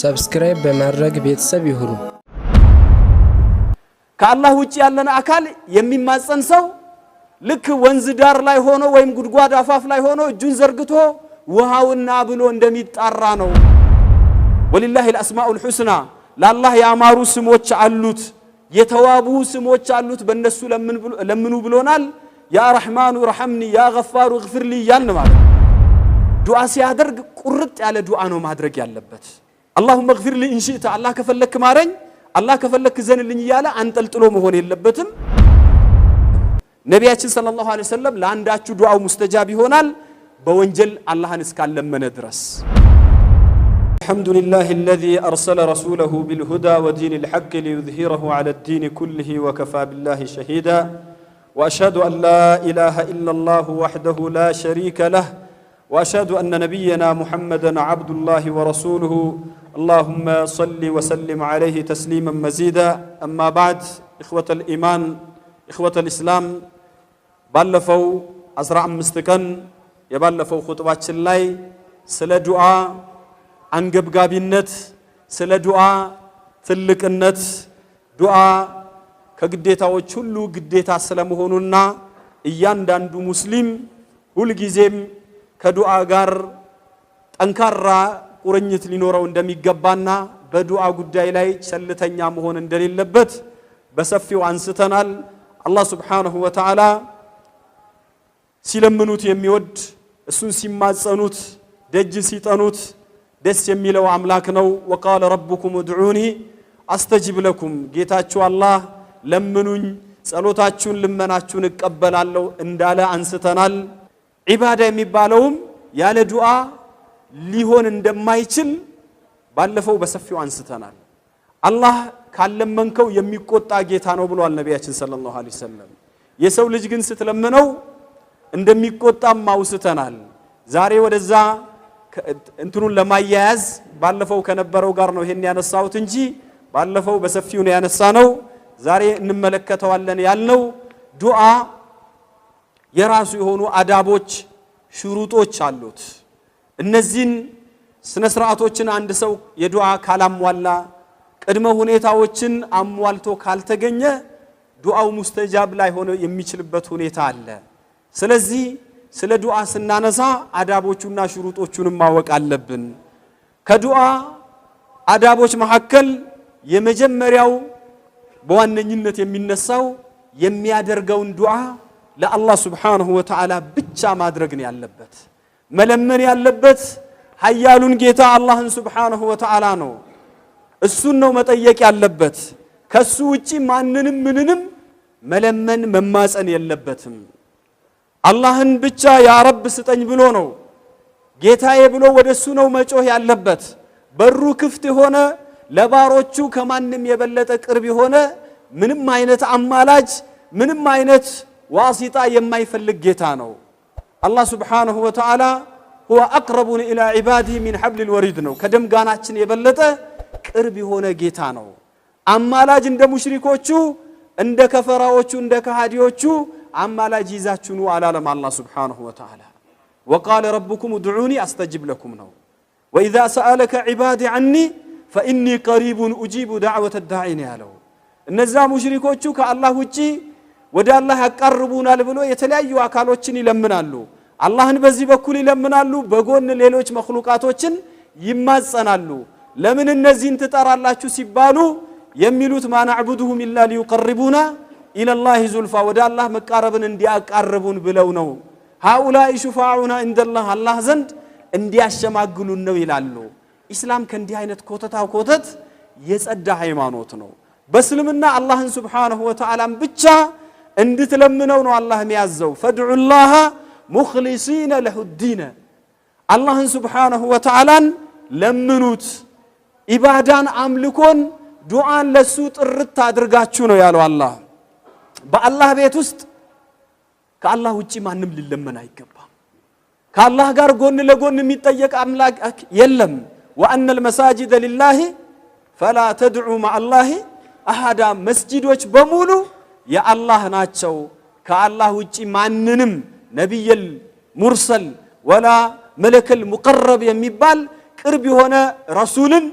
ሰብስክራይብ በማድረግ ቤተሰብ ይሁኑ። ከአላህ ውጭ ያለን አካል የሚማጸን ሰው ልክ ወንዝ ዳር ላይ ሆኖ ወይም ጉድጓድ አፋፍ ላይ ሆኖ እጁን ዘርግቶ ውሃውና ብሎ እንደሚጣራ ነው። ወሊላሂ ልአስማኡል ሑስና ለአላህ ያማሩ ስሞች አሉት፣ የተዋቡ ስሞች አሉት። በእነሱ ለምኑ ብሎናል። ያ ረሕማኑ ረሐምኒ፣ ያ ገፋሩ ግፍርሊ እያልን ማለት ዱዓ ሲያደርግ ቁርጥ ያለ ዱዓ ነው ማድረግ ያለበት። አላሁመ ግፊር ሊ ኢንሺእተ አላህ ከፈለክ ማረኝ፣ አላህ ከፈለክ ዘንልኝ እያለ አንጠልጥሎ መሆን የለበትም። ነቢያችን ሰለላሁ ዐለይሂ ወሰለም ለአንዳችሁ ዱዓው ሙስተጃብ ይሆናል በወንጀል አላህን እስካለመነ ندرس الحمد لله الذي أرسل رسوله بالهدى ودين الحق ليظهره على الدين كله وكفى بالله شهيدا وأشهد أن لا إله إلا الله وحده لا شريك له واشهد ان نبينا محمدا عبد الله ورسوله اللهم صل وسلم عليه تسليما مزيدا اما بعد اخوه الايمان اخوه الاسلام ባለፈው 15 ቀን የባለፈው ኹጥባችን ላይ ስለ ዱዓ አንገብጋቢነት ስለ ዱዓ ትልቅነት ዱዓ ከግዴታዎች ሁሉ ግዴታ ስለመሆኑና እያንዳንዱ ሙስሊም ሁልጊዜም ከዱዓ ጋር ጠንካራ ቁርኝት ሊኖረው እንደሚገባና በዱዓ ጉዳይ ላይ ቸልተኛ መሆን እንደሌለበት በሰፊው አንስተናል። አላህ ሱብሓነሁ ወተዓላ ሲለምኑት የሚወድ እሱን ሲማጸኑት ደጅ ሲጠኑት ደስ የሚለው አምላክ ነው። ወቃለ ረቡኩም እድዑኒ አስተጅብ ለኩም፣ ጌታችሁ አላህ ለምኑኝ፣ ጸሎታችሁን ልመናችሁን እቀበላለሁ እንዳለ አንስተናል። ዒባዳ የሚባለውም ያለ ዱዓ ሊሆን እንደማይችል ባለፈው በሰፊው አንስተናል። አላህ ካለመንከው የሚቆጣ ጌታ ነው ብሏል ነቢያችን ሰለላሁ ዐለይሂ ወሰለም። የሰው ልጅ ግን ስትለምነው እንደሚቆጣም አውስተናል። ዛሬ ወደዛ እንትኑን ለማያያዝ ባለፈው ከነበረው ጋር ነው ይሄን ያነሳሁት እንጂ ባለፈው በሰፊው ነው ያነሳ ነው። ዛሬ እንመለከተዋለን ያልነው ዱዓ የራሱ የሆኑ አዳቦች፣ ሽሩጦች አሉት። እነዚህን ስነ ስርዓቶችን አንድ ሰው የዱዓ ካላሟላ ቅድመ ሁኔታዎችን አሟልቶ ካልተገኘ ዱዓው ሙስተጃብ ላይ ሆነ የሚችልበት ሁኔታ አለ። ስለዚህ ስለ ዱዓ ስናነሳ አዳቦቹና ሽሩጦቹንም ማወቅ አለብን። ከዱዓ አዳቦች መካከል የመጀመሪያው በዋነኝነት የሚነሳው የሚያደርገውን ዱዓ ለአላህ ስብሓንሁ ወተዓላ ብቻ ማድረግ ነው ያለበት። መለመን ያለበት ሀያሉን ጌታ አላህን ስብሓንሁ ወተዓላ ነው። እሱን ነው መጠየቅ ያለበት። ከሱ ውጪ ማንንም ምንንም መለመን መማፀን የለበትም። አላህን ብቻ ያ ረብ ስጠኝ ብሎ ነው ጌታዬ ብሎ ወደ እሱ ነው መጮህ ያለበት። በሩ ክፍት የሆነ ለባሮቹ ከማንም የበለጠ ቅርብ የሆነ ምንም አይነት አማላጅ ምንም አይነት ዋሲጣ የማይፈልግ ጌታ ነው። አላህ ስብሓነሁ ወተዓላ ሁወ አቅረቡን ኢላ ዒባዲህ ሚን ሐብሊል ወሪድ ነው። ከደምጋናችን የበለጠ ቅርብ የሆነ ጌታ ነው። አማላጅ እንደ ሙሽሪኮቹ እንደ ከፈራዎቹ እንደ ከሃዲዎቹ አማላጅ ይዛችሁ ኑ አላለም። አላህ ስብሓነሁ ወተዓላ ወቃለ ረብኩም ድዑኒ አስተጅብ ለኩም ነው። ወኢዛ ሰአለከ ዒባዲ ዐኒ ፈኢኒ ቀሪቡን ኡጂቡ ዳዕወተ ዳዒ ነው ያለው። እነዛ ሙሽሪኮቹ ከአላህ ውጪ ወደ አላህ ያቃርቡናል ብሎ የተለያዩ አካሎችን ይለምናሉ። አላህን በዚህ በኩል ይለምናሉ፣ በጎን ሌሎች መክሉቃቶችን ይማጸናሉ። ለምን እነዚህን ትጠራላችሁ ሲባሉ የሚሉት ማናዕቡድሁም ኢላ ሊዩቀርቡና ኢለላሂ ዙልፋ ወደ አላህ መቃረብን እንዲያቃርቡን ብለው ነው። ሃኡላይ ሹፋዑና እንደላህ አላህ ዘንድ እንዲያሸማግሉን ነው ይላሉ። ኢስላም ከእንዲህ አይነት ኮተታ ኮተት የጸዳ ሃይማኖት ነው። በእስልምና አላህን ሱብሓነሁ ወተዓላም ብቻ እንድትለምነው ነው አላህ የሚያዘው። ፈድዑላሃ ሙኽሊሲነ ለሁዲነ አላህን ስብሓነሁ ወተዓላን ለምኑት። ኢባዳን፣ አምልኮን፣ ዱዓን ለሱ ጥርት አድርጋችሁ ነው ያለው አላህ። በአላህ ቤት ውስጥ ከአላህ ውጭ ማንም ሊለመን አይገባም። ከአላህ ጋር ጎን ለጎን የሚጠየቅ አምላክ የለም። ወአነ ልመሳጅደ ሊላሂ ፈላ ተድዑ ማዓላሂ አሃዳ መስጂዶች በሙሉ የአላህ ናቸው። ከአላህ ውጪ ማንንም ነቢየል ሙርሰል ወላ መለከል ሙቀረብ የሚባል ቅርብ የሆነ ረሱልን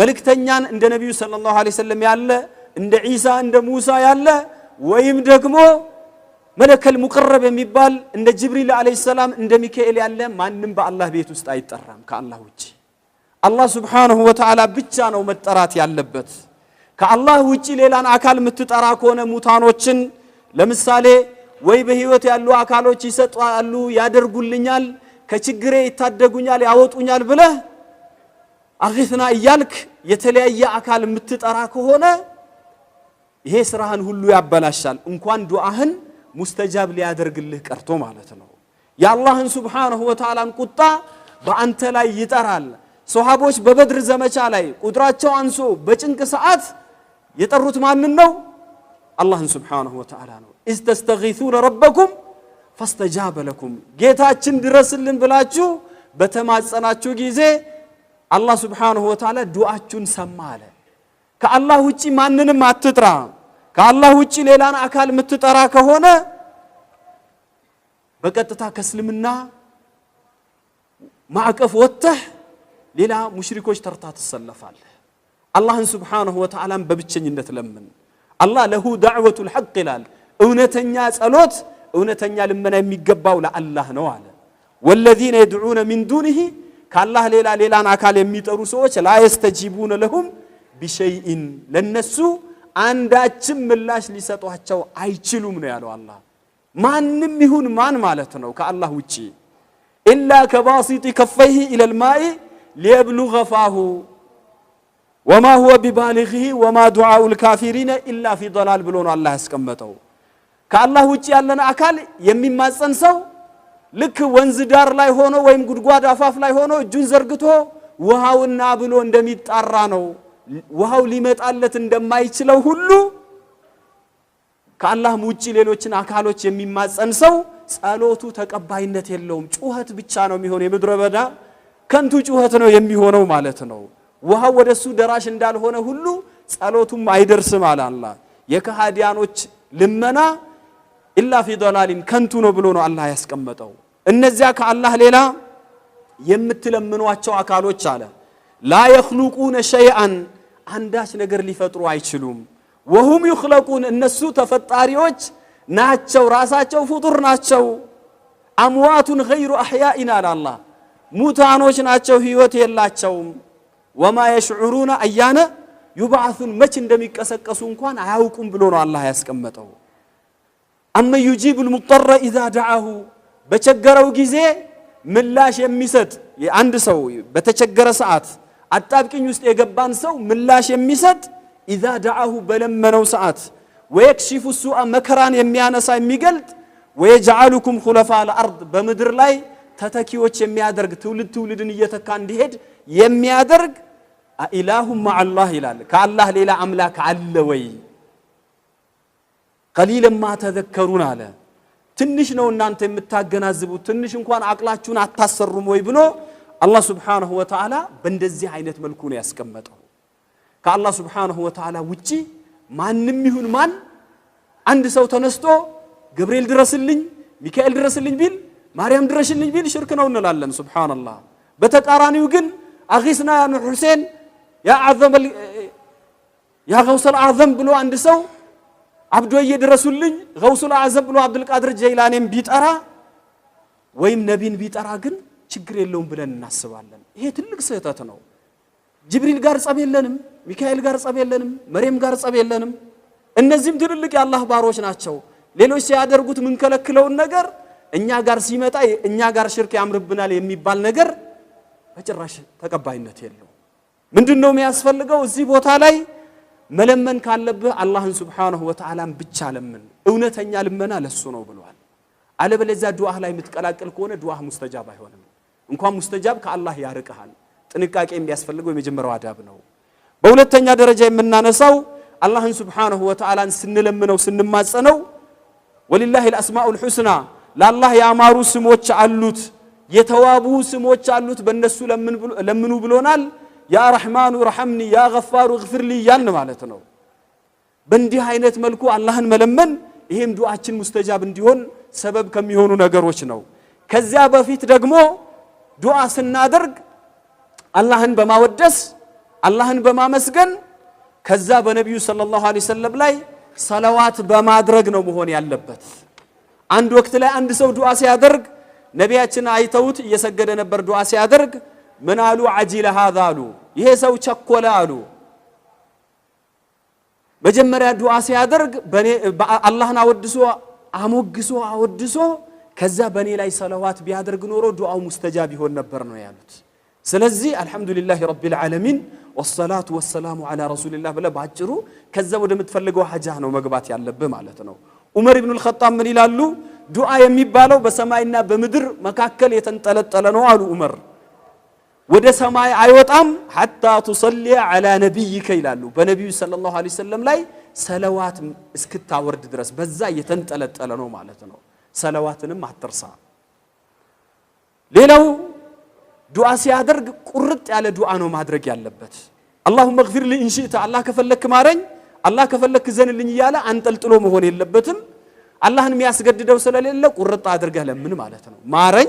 መልእክተኛን እንደ ነቢዩ ሰለላሁ ዐለይሂ ወሰለም ያለ እንደ ዒሳ እንደ ሙሳ ያለ ወይም ደግሞ መለከል ሙቀረብ የሚባል እንደ ጅብሪል ዐለይሂ ሰላም እንደ ሚካኤል ያለ ማንም በአላህ ቤት ውስጥ አይጠራም ከአላህ ውጪ። አላህ ሱብሓነሁ ወተዓላ ብቻ ነው መጠራት ያለበት። ከአላህ ውጪ ሌላን አካል የምትጠራ ከሆነ ሙታኖችን ለምሳሌ ወይ በህይወት ያሉ አካሎች ይሰጣሉ፣ ያደርጉልኛል፣ ከችግሬ ይታደጉኛል፣ ያወጡኛል ብለህ አርፊትና እያልክ የተለያየ አካል የምትጠራ ከሆነ ይሄ ስራህን ሁሉ ያበላሻል። እንኳን ዱዓህን ሙስተጃብ ሊያደርግልህ ቀርቶ ማለት ነው። የአላህን ሱብሓነሁ ወተዓላን ቁጣ በአንተ ላይ ይጠራል። ሰሃቦች በበድር ዘመቻ ላይ ቁጥራቸው አንሶ በጭንቅ ሰዓት የጠሩት ማንን ነው? አላህን ስብሓነሁ ወተዓላ ነው። ኢዝ ተስተጊሱነ ረበኩም ፈስተጃበ ለኩም ጌታችን ድረስልን ብላችሁ በተማጸናችሁ ጊዜ አላህ ስብሓነሁ ወተዓላ ዱዓችሁን ሰማ አለ። ከአላህ ውጪ ማንንም አትጥራ። ከአላህ ውጪ ሌላን አካል የምትጠራ ከሆነ በቀጥታ ከእስልምና ማዕቀፍ ወጥተህ ሌላ ሙሽሪኮች ተርታ ትሰለፋለህ። አላህን ስብሓንሁ ወተዓላን በብቸኝነት ለምን። አላህ ለሁ ዳዕወቱ ልሐቅ ይላል። እውነተኛ ጸሎት፣ እውነተኛ ልመና የሚገባው ለአላህ ነው አለ። ወለዚነ የድዑነ ሚን ዱንህ ከአላህ ሌላ ሌላን አካል የሚጠሩ ሰዎች ላ የስተጂቡነ ለሁም ቢሸይኢን ለነሱ አንዳችም ምላሽ ሊሰጧቸው አይችሉም ነው ያለው አላህ። ማንም ይሁን ማን ማለት ነው ከአላህ ውጪ ኢላ ከባሲጢ ከፈይህ ኢለልማኢ ሊየብሉገ ፋሁ ወማ ሁወ ቢባሊግህ ወማ ዱዓኡ ልካፊሪነ ኢላ ፊ ዶላል ብሎ ነው አላህ ያስቀመጠው። ከአላህ ውጭ ያለን አካል የሚማፀን ሰው ልክ ወንዝ ዳር ላይ ሆኖ ወይም ጉድጓድ አፋፍ ላይ ሆኖ እጁን ዘርግቶ ውሃውና ብሎ እንደሚጣራ ነው። ውሃው ሊመጣለት እንደማይችለው ሁሉ ከአላህም ውጭ ሌሎችን አካሎች የሚማፀን ሰው ጸሎቱ ተቀባይነት የለውም። ጩኸት ብቻ ነው የሚሆነው። የምድረ በዳ ከንቱ ጩኸት ነው የሚሆነው ማለት ነው። ውሃው ወደሱ ደራሽ እንዳልሆነ ሁሉ ጸሎቱም አይደርስም አለ አላህ። የከሃዲያኖች ልመና ኢላ ፊ ዶላሊን ከንቱ ነው ብሎ ነው አላህ ያስቀመጠው። እነዚያ ከአላህ ሌላ የምትለምኗቸው አካሎች አለ ላ የኽሉቁነ ሸይአን አንዳች ነገር ሊፈጥሩ አይችሉም። ወሁም ዩኽለቁን እነሱ ተፈጣሪዎች ናቸው፣ ራሳቸው ፍጡር ናቸው። አምዋቱን ገይሩ አሕያኢን አለ አላህ። ሙታኖች ናቸው፣ ህይወት የላቸውም። ወማ የሽዑሩና እያነ ዩብዓሱን መች እንደሚቀሰቀሱ እንኳን አያውቁም ብሎ ነው አላህ ያስቀመጠው። አመ ዩጂቡል ሙጠረ ኢዛ ደዓሁ በቸገረው ጊዜ ምላሽ የሚሰጥ አንድ ሰው በተቸገረ ሰዓት አጣብቅኝ ውስጥ የገባን ሰው ምላሽ የሚሰጥ ኢዛ ደዓሁ በለመነው ሰዓት ወየክሺፉ ሱአ መከራን የሚያነሳ የሚገልጥ ወየጅዓሉኩም ኩለፋ ለአርድ በምድር ላይ ተተኪዎች የሚያደርግ ትውልድ ትውልድን እየተካ እንዲሄድ የሚያደርግ አኢላሁም መዐላህ ይላል። ከአላህ ሌላ አምላክ አለ ወይ? ቀሊለማ ተዘከሩን አለ። ትንሽ ነው እናንተ የምታገናዝቡት፣ ትንሽ እንኳን አቅላችሁን አታሰሩም ወይ ብሎ አላህ ሱብሓነሁ ወተዓላ በእንደዚህ አይነት መልኩ ነው ያስቀመጠው። ከአላህ ሱብሓነሁ ወተዓላ ውጪ ማንም ይሁን ማን አንድ ሰው ተነስቶ ገብርኤል ድረስልኝ፣ ሚካኤል ድረስልኝ ቢል፣ ማርያም ድረሽልኝ ቢል ሽርክ ነው እንላለን። ሱብሓነላህ። በተቃራኒው ግን አኺስና ያ ሁሴን ያ ገውሰል አዕዘም ብሎ አንድ ሰው አብዶዬ ድረሱልኝ ገውሱል አዘም ብሎ አብዱልቃድር ጀይላኔም ቢጠራ ወይም ነቢን ቢጠራ ግን ችግር የለውም ብለን እናስባለን። ይሄ ትልቅ ስህተት ነው። ጅብሪል ጋር ጸብ የለንም፣ ሚካኤል ጋር ጸብ የለንም፣ መሬም ጋር ጸብ የለንም። እነዚህም ትልልቅ የአላህ ባሮች ናቸው። ሌሎች ሲያደርጉት የምንከለክለውን ነገር እኛ ጋር ሲመጣ እኛ ጋር ሽርክ ያምርብናል የሚባል ነገር በጭራሽ ተቀባይነት የለው። ምንድን ነው የሚያስፈልገው? እዚህ ቦታ ላይ መለመን ካለብህ አላህን ሱብሓነሁ ወተዓላን ብቻ ለምን። እውነተኛ ልመና ለሱ ነው ብለዋል። አለበለዚያ ዱዓህ ላይ የምትቀላቅል ከሆነ ዱዓህ ሙስተጃብ አይሆንም። እንኳን ሙስተጃብ ከአላህ ያርቅሃል። ጥንቃቄ የሚያስፈልገው የመጀመሪያው አዳብ ነው። በሁለተኛ ደረጃ የምናነሳው አላህን ሱብሓነሁ ወተዓላን ስንለምነው ስንማጸነው፣ ወሊላሂል አስማኡል ሑስና ለአላህ ያማሩ ስሞች አሉት፣ የተዋቡ ስሞች አሉት። በእነሱ ለምኑ ብሎናል። ያ ረሕማኑ ረሐምኒ ያ ገፋሩ እግፍርሊ እያልን ማለት ነው። በእንዲህ አይነት መልኩ አላህን መለመን ይሄም ዱዓችን ሙስተጃብ እንዲሆን ሰበብ ከሚሆኑ ነገሮች ነው። ከዚያ በፊት ደግሞ ዱዓ ስናደርግ አላህን በማወደስ አላህን በማመስገን ከዛ በነቢዩ ሰለላሁ ዐለይሂ ወሰለም ላይ ሰለዋት በማድረግ ነው መሆን ያለበት። አንድ ወቅት ላይ አንድ ሰው ዱዓ ሲያደርግ ነቢያችን አይተውት እየሰገደ ነበር ዱዓ ሲያደርግ ምን አሉ? አጂለ ሀዛ አሉ። ይሄ ሰው ቸኮለ አሉ። መጀመሪያ ዱዓ ሲያደርግ አላህን አወድሶ አሞግሶ አወድሶ ከዛ በእኔ ላይ ሰለዋት ቢያደርግ ኖሮ ዱዓው ሙስተጃብ ይሆን ነበር ነው ያሉት። ስለዚህ አልሐምዱሊላህ ረቢል ዓለሚን ወሰላቱ ወሰላሙ ዓላ ረሱሊላህ ብለህ በአጭሩ ከዛ ወደምትፈልገው ሀጃ ነው መግባት ያለብህ ማለት ነው። ዑመር ኢብኑል ኸጣብ ምን ይላሉ? ዱዓ የሚባለው በሰማይና በምድር መካከል የተንጠለጠለ ነው አሉ ዑመር ወደ ሰማይ አይወጣም ሐታ ቱሰሊ ዐላ ነቢይከ ይላሉ። በነቢዩ ሰለላሁ ዐለይሂ ወሰለም ላይ ሰለዋት እስክታወርድ ድረስ በዛ እየተንጠለጠለ ነው ማለት ነው። ሰለዋትንም አትርሳ። ሌላው ዱዓ ሲያደርግ ቁርጥ ያለ ዱዓ ነው ማድረግ ያለበት። አላሁመ ግፊር ሊ አላህ ከፈለክ ማረኝ፣ አላህ ከፈለክ ዘንልኝ እያለ አንጠልጥሎ መሆን የለበትም። አላህን የሚያስገድደው ስለሌለ ቁርጥ አድርገህ ለምን ማለት ነው። ማረኝ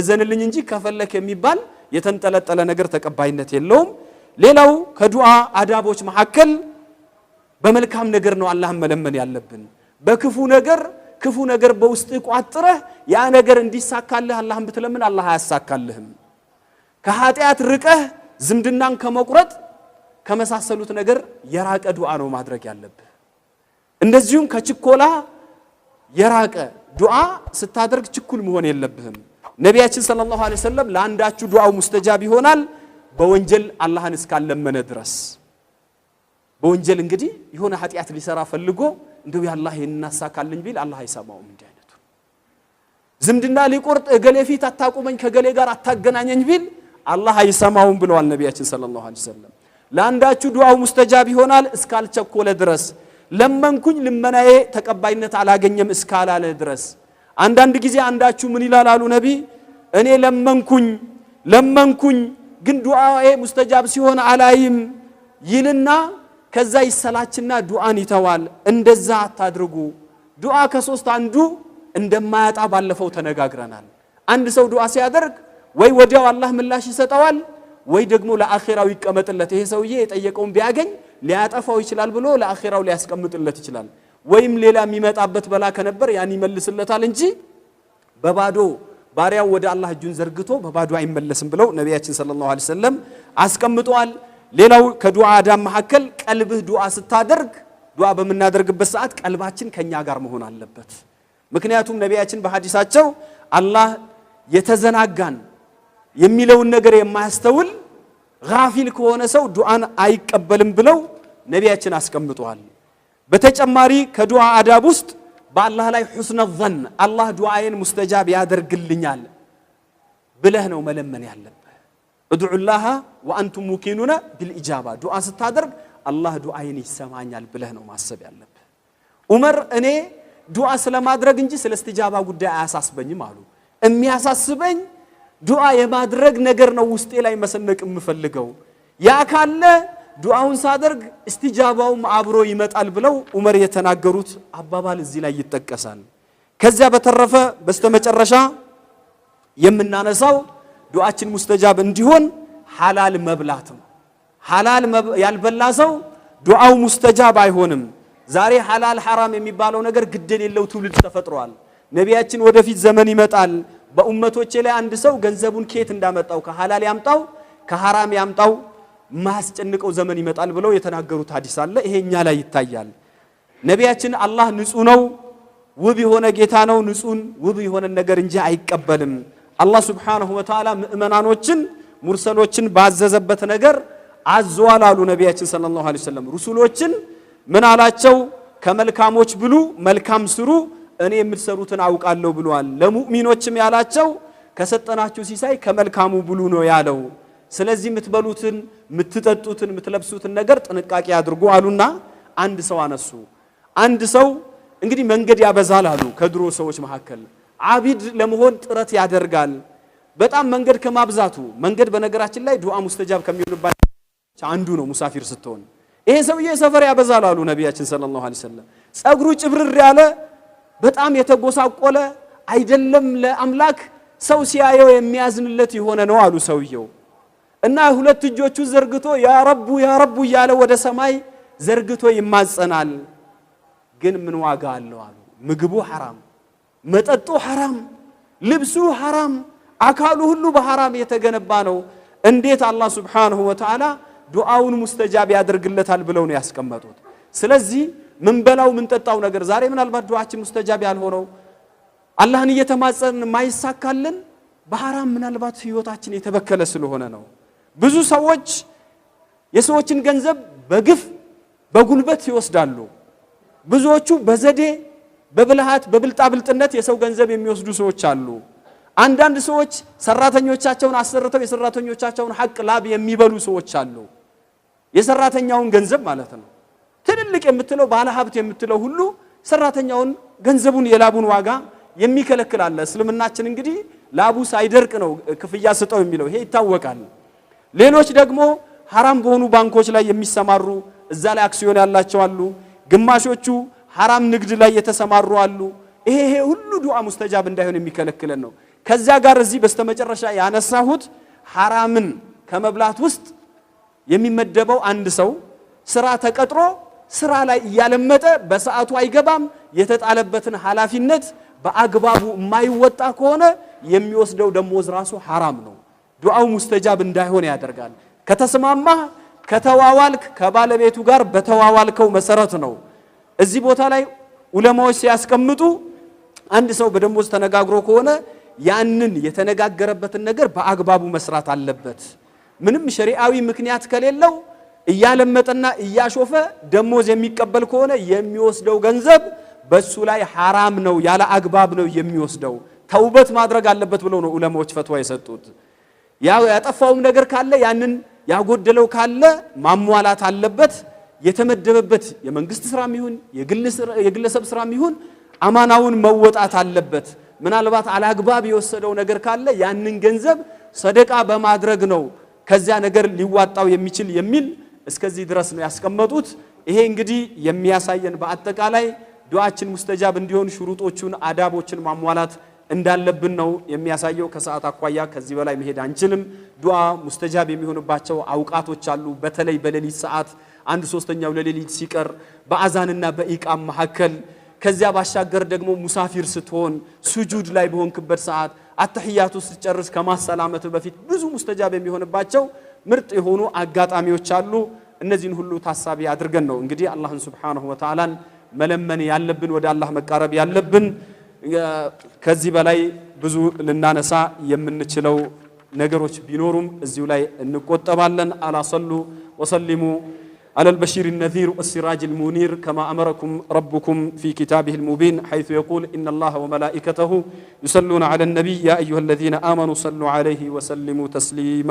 እዘንልኝ እንጂ ከፈለክ የሚባል የተንጠለጠለ ነገር ተቀባይነት የለውም። ሌላው ከዱዓ አዳቦች መካከል በመልካም ነገር ነው አላህን መለመን ያለብን። በክፉ ነገር ክፉ ነገር በውስጥ ቋጥረህ ያ ነገር እንዲሳካልህ አላህን ብትለምን አላህ አያሳካልህም። ከኃጢአት ርቀህ ዝምድናን ከመቁረጥ ከመሳሰሉት ነገር የራቀ ዱዓ ነው ማድረግ ያለብህ። እንደዚሁም ከችኮላ የራቀ ዱዓ ስታደርግ ችኩል መሆን የለብህም። ነቢያችን ሰለላሁ ዐለይሂ ወሰለም ለአንዳችሁ ዱዓው ሙስተጃብ ይሆናል በወንጀል አላህን እስካለመነ ድረስ። በወንጀል እንግዲህ የሆነ ኃጢአት ሊሰራ ፈልጎ እንደው ያላህ እናሳካልኝ ቢል አላህ አይሰማውም። እንዲህ አይነቱ ዝምድና ሊቆርጥ እገሌ ፊት አታቁመኝ ከገሌ ጋር አታገናኘኝ ቢል አላህ አይሰማውም ብለዋል ነቢያችን ሰለላሁ ዐለይሂ ወሰለም። ለአንዳችሁ ዱዓው ሙስተጃብ ይሆናል እስካልቸኮለ ድረስ፣ ለመንኩኝ ልመናዬ ተቀባይነት አላገኘም እስካላለ ድረስ አንዳንድ ጊዜ አንዳችሁ ምን ይላል አሉ ነቢ፣ እኔ ለመንኩኝ ለመንኩኝ ግን ዱዓዬ ሙስተጃብ ሲሆን አላይም ይልና ከዛ ይሰላችና ዱዓን ይተዋል። እንደዛ አታድርጉ። ዱዓ ከሶስት አንዱ እንደማያጣ ባለፈው ተነጋግረናል። አንድ ሰው ዱዓ ሲያደርግ ወይ ወዲያው አላህ ምላሽ ይሰጠዋል፣ ወይ ደግሞ ለአኼራው ይቀመጥለት። ይሄ ሰውዬ የጠየቀውን ቢያገኝ ሊያጠፋው ይችላል ብሎ ለአኼራው ሊያስቀምጥለት ይችላል። ወይም ሌላ የሚመጣበት በላ ከነበር ያን ይመልስለታል እንጂ በባዶ ባሪያው ወደ አላህ እጁን ዘርግቶ በባዶ አይመለስም ብለው ነቢያችን ሰለላሁ ዐለይሂ ወሰለም አስቀምጠዋል። ሌላው ከዱዓ አዳም መካከል ቀልብህ ዱዓ ስታደርግ ዱዓ በምናደርግበት ሰዓት ቀልባችን ከኛ ጋር መሆን አለበት። ምክንያቱም ነቢያችን በሐዲሳቸው አላህ የተዘናጋን የሚለውን ነገር የማያስተውል ጋፊል ከሆነ ሰው ዱዓን አይቀበልም ብለው ነቢያችን አስቀምጠዋል። በተጨማሪ ከዱዓ አዳብ ውስጥ በአላህ ላይ ሑስነ ዘን አላህ ዱዓዬን ሙስተጃብ ያደርግልኛል ብለህ ነው መለመን ያለብህ። እድዑላሃ ወአንቱም ሙኪኑነ ቢልኢጃባ ዱዓ ስታደርግ አላህ ዱዓዬን ይሰማኛል ብለህ ነው ማሰብ ያለብህ። ዑመር እኔ ዱዓ ስለማድረግ እንጂ ስለ እስትጃባ ጉዳይ አያሳስበኝም አሉ። የሚያሳስበኝ ዱዓ የማድረግ ነገር ነው ውስጤ ላይ መሰነቅ የምፈልገው ያ ካለ ዱዓውን ሳደርግ እስቲጃባውም አብሮ ይመጣል ብለው ዑመር የተናገሩት አባባል እዚህ ላይ ይጠቀሳል። ከዚያ በተረፈ በስተመጨረሻ የምናነሳው ዱዓችን ሙስተጃብ እንዲሆን ሐላል መብላት ነው። ሐላል ያልበላ ሰው ዱዓው ሙስተጃብ አይሆንም። ዛሬ ሐላል ሐራም የሚባለው ነገር ግድል የለው ትውልድ ተፈጥሯል። ነቢያችን ወደፊት ዘመን ይመጣል፣ በኡመቶቼ ላይ አንድ ሰው ገንዘቡን ከየት እንዳመጣው ከሐላል ያምጣው ከሐራም ያምጣው ማስጨንቀው ዘመን ይመጣል ብለው የተናገሩት ሐዲስ አለ። ይሄ እኛ ላይ ይታያል። ነቢያችን አላህ ንጹህ ነው፣ ውብ የሆነ ጌታ ነው። ንጹህን ውብ የሆነ ነገር እንጂ አይቀበልም። አላህ ሱብሓነሁ ወተዓላ ምእመናኖችን ሙርሰሎችን ባዘዘበት ነገር አዘዋል አሉ ነቢያችን ሰለላሁ ዐለይሂ ወሰለም። ሩሱሎችን ምን አላቸው? ከመልካሞች ብሉ፣ መልካም ስሩ፣ እኔ የምትሰሩትን አውቃለሁ ብሏል። ለሙእሚኖችም ያላቸው ከሰጠናችሁ ሲሳይ ከመልካሙ ብሉ ነው ያለው። ስለዚህ የምትበሉትን፣ የምትጠጡትን፣ የምትለብሱትን ነገር ጥንቃቄ አድርጉ አሉና አንድ ሰው አነሱ። አንድ ሰው እንግዲህ መንገድ ያበዛል አሉ። ከድሮ ሰዎች መካከል አቢድ ለመሆን ጥረት ያደርጋል። በጣም መንገድ ከማብዛቱ መንገድ በነገራችን ላይ ዱዓ ሙስተጃብ ከሚሆንባቸው አንዱ ነው። ሙሳፊር ስትሆን ይሄ ሰውዬ ሰፈር ያበዛል አሉ ነቢያችን ሰለላሁ ዐለይሂ ወሰለም። ጸጉሩ ጭብርር ያለ በጣም የተጎሳቆለ አይደለም ለአምላክ ሰው ሲያየው የሚያዝንለት የሆነ ነው አሉ ሰውየው እና ሁለት እጆቹ ዘርግቶ ያ ረቡ ያ ረቡ እያለ ወደ ሰማይ ዘርግቶ ይማጸናል። ግን ምን ዋጋ አለው አሉ። ምግቡ ሐራም፣ መጠጡ ሐራም፣ ልብሱ ሐራም፣ አካሉ ሁሉ በሐራም የተገነባ ነው። እንዴት አላህ ሱብሓነሁ ወተዓላ ዱዓውን ሙስተጃብ ያደርግለታል ብለው ነው ያስቀመጡት። ስለዚህ ምን በላው ምን ጠጣው ነገር ዛሬ ምናልባት ዱዓችን ሙስተጃብ ያልሆነው አላህን እየተማጸን ማይሳካልን በሐራም ምናልባት ህይወታችን የተበከለ ስለሆነ ነው። ብዙ ሰዎች የሰዎችን ገንዘብ በግፍ በጉልበት ይወስዳሉ። ብዙዎቹ በዘዴ በብልሃት በብልጣብልጥነት የሰው ገንዘብ የሚወስዱ ሰዎች አሉ። አንዳንድ ሰዎች ሰራተኞቻቸውን አሰርተው የሰራተኞቻቸውን ሀቅ ላብ የሚበሉ ሰዎች አሉ። የሰራተኛውን ገንዘብ ማለት ነው። ትልልቅ የምትለው ባለ ሀብት የምትለው ሁሉ ሰራተኛውን ገንዘቡን የላቡን ዋጋ የሚከለክል አለ። እስልምናችን እንግዲህ ላቡ ሳይደርቅ ነው ክፍያ ስጠው የሚለው ይሄ ይታወቃል። ሌሎች ደግሞ ሀራም በሆኑ ባንኮች ላይ የሚሰማሩ እዛ ላይ አክሲዮን ያላቸው አሉ። ግማሾቹ ሀራም ንግድ ላይ የተሰማሩ አሉ። ይሄ ይሄ ሁሉ ዱዓ ሙስተጃብ እንዳይሆን የሚከለክለን ነው። ከዚያ ጋር እዚህ በስተመጨረሻ ያነሳሁት ሀራምን ከመብላት ውስጥ የሚመደበው አንድ ሰው ስራ ተቀጥሮ ስራ ላይ እያለመጠ በሰዓቱ አይገባም፣ የተጣለበትን ኃላፊነት በአግባቡ የማይወጣ ከሆነ የሚወስደው ደሞዝ ራሱ ሐራም ነው። ዱዓው ሙስተጃብ እንዳይሆን ያደርጋል። ከተስማማ ከተዋዋልክ ከባለቤቱ ጋር በተዋዋልከው መሰረት ነው። እዚህ ቦታ ላይ ዑለማዎች ሲያስቀምጡ አንድ ሰው በደሞዝ ተነጋግሮ ከሆነ ያንን የተነጋገረበትን ነገር በአግባቡ መስራት አለበት። ምንም ሸሪዓዊ ምክንያት ከሌለው እያለመጠና እያሾፈ ደሞዝ የሚቀበል ከሆነ የሚወስደው ገንዘብ በሱ ላይ ሐራም ነው፣ ያለ አግባብ ነው የሚወስደው። ተውበት ማድረግ አለበት ብለው ነው ዑለማዎች ፈትዋ የሰጡት። ያጠፋውም ነገር ካለ ያንን ያጎደለው ካለ ማሟላት አለበት። የተመደበበት የመንግስት ስራም ይሁን የግለሰብ ስራም ይሁን አማናውን መወጣት አለበት። ምናልባት አላግባብ የወሰደው ነገር ካለ ያንን ገንዘብ ሰደቃ በማድረግ ነው ከዚያ ነገር ሊዋጣው የሚችል የሚል እስከዚህ ድረስ ነው ያስቀመጡት። ይሄ እንግዲህ የሚያሳየን በአጠቃላይ ዱዓችን ሙስተጃብ እንዲሆን ሹሩጦቹን አዳቦችን ማሟላት እንዳለብን ነው የሚያሳየው። ከሰዓት አኳያ ከዚህ በላይ መሄድ አንችልም። ዱዓ ሙስተጃብ የሚሆንባቸው አውቃቶች አሉ። በተለይ በሌሊት ሰዓት አንድ ሶስተኛው ለሌሊት ሲቀር በአዛንና በኢቃም መካከል ከዚያ ባሻገር ደግሞ ሙሳፊር ስትሆን ሱጁድ ላይ በሆንክበት ሰዓት አተህያቱ ስትጨርስ ከማሰላመት በፊት ብዙ ሙስተጃብ የሚሆንባቸው ምርጥ የሆኑ አጋጣሚዎች አሉ። እነዚህን ሁሉ ታሳቢ አድርገን ነው እንግዲህ አላህን ሱብሓነሁ ወተዓላን መለመን ያለብን ወደ አላህ መቃረብ ያለብን። ከዚህ በላይ ብዙ ልናነሳ የምንችለው ነገሮች ቢኖሩም እዚሁ ላይ እንቆጠባለን። አላሰሉ ወሰሊሙ አለል በሺር ነዚር ወሲራጅ ልሙኒር ከማ አመረኩም ረብኩም ፊ ኪታቢህ ልሙቢን ሐይሱ የቁል ኢና ወመላኢከተሁ ዩሰሉነ ዐለ ነቢይ ያ አዩሃ ለዚነ አመኑ ሰሉ አለይህ ወሰሊሙ ተስሊማ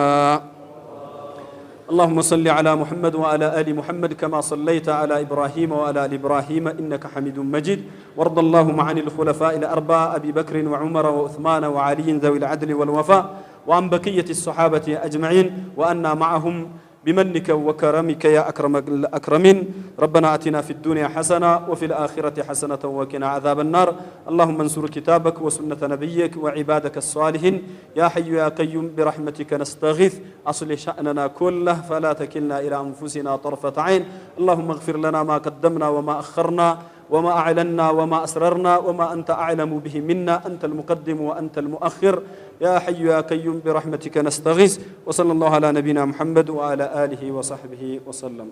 اللهم صل على محمد وعلى ال محمد كما صليت على ابراهيم وعلى ال ابراهيم انك حميد مجيد وارض اللهم عن الخلفاء الاربعه ابي بكر وعمر وعثمان وعلي ذوي العدل والوفاء وعن بقيه الصحابه اجمعين وانا معهم بمنك وكرمك يا أكرم الأكرمين ربنا أتنا في الدنيا حسنة وفي الآخرة حسنة وقنا عذاب النار اللهم انصر كتابك وسنة نبيك وعبادك الصالحين يا حي يا قيوم برحمتك نستغيث أصل شأننا كله فلا تكلنا إلى أنفسنا طرفة عين اللهم اغفر لنا ما قدمنا وما أخرنا وما أعلنا وما أسررنا وما أنت أعلم به منا أنت المقدم وأنت المؤخر يا حي يا قيوم برحمتك نستغيث وصلى الله على نبينا محمد وعلى آله وصحبه وسلم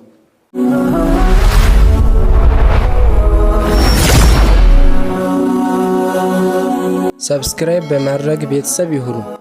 سبسكرايب በማድረግ ቤተሰብ